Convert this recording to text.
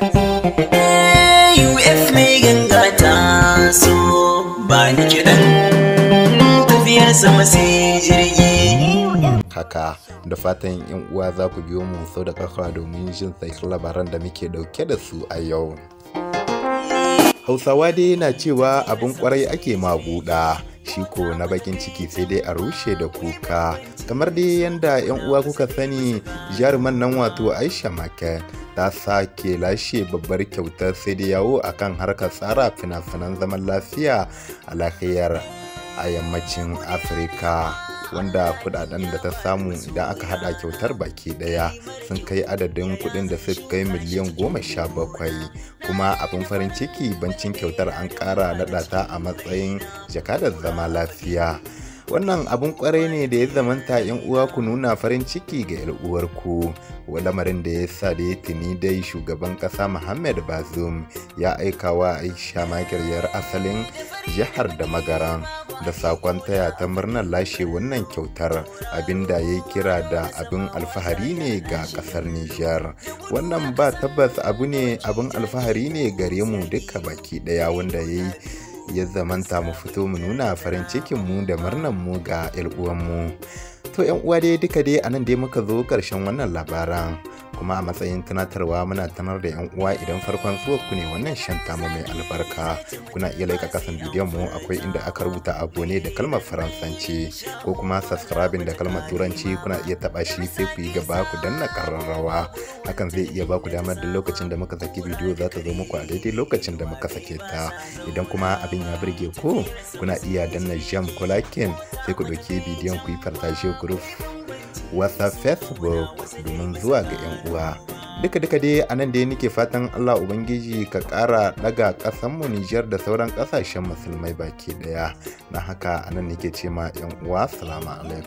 Eh, uf haka da fatan yan uwa za ku biyo mu sau da kafa domin jin tsakin labaran da muke ɗauke da su a yau hausawa dai na cewa abin kwarai ake maguɗa shi ko na bakin ciki sai dai a rushe da kuka kamar dai yanda yan uwa kuka sani jaruman nan wato aisha market ta sake lashe babbar kyautar sai da yawo a kan harkar tsara fina-finan zaman lafiya a lafiyar a yammacin afirka wanda kudaden da ta samu idan aka hada kyautar baki daya sun kai adadin kudin da suka kai miliyan goma sha bakwai kuma abin farin ciki bancin kyautar an kara nada ta a matsayin jakadar zama lafiya wannan abun kwarai ne da ya zamanta yan uwa ku nuna farin ciki ga yar uwarku lamarin da ya sa da ya tuni dai shugaban kasa muhammad bazum ya aika wa aisha makiriyar asalin jihar da magara da sakon taya ta murnar lashe wannan kyautar abinda ya kira da abin alfahari ne ga kasar nijar wannan ba tabbas abu ne abin alfahari ne gare mu duka baki daya wanda ya yi ya zamanta mu fito mu nuna farin cikin mu da murnan mu ga 'yan uwanmu to 'yan uwa dai duka dai a nan dai muka zo ƙarshen wannan labaran kuma a matsayin tunatarwa muna tanar da 'yan uwa idan farkon zuwa ku ne wannan shan tamu mai albarka kuna iya laika kasan bidiyon mu akwai inda aka rubuta abone da kalmar faransanci ko kuma subscribing da kalmar turanci kuna iya taba shi sai ku yi gaba ku danna kararrawa hakan zai iya baku damar da lokacin da muka saki bidiyo za ta zo muku a daidai lokacin da muka sake ta idan kuma abin ya birge ku kuna iya danna jam ko sai ku ɗauki bidiyon ku yi fartashe group whatsapp facebook domin zuwa ga 'yan uwa duka duka dai a nan dai nake fatan allah ubangiji ka ƙara ɗaga mu nijar da sauran ƙasashen musulmai baki ɗaya na haka a nan nake ce ma 'yan uwa salamu alaikum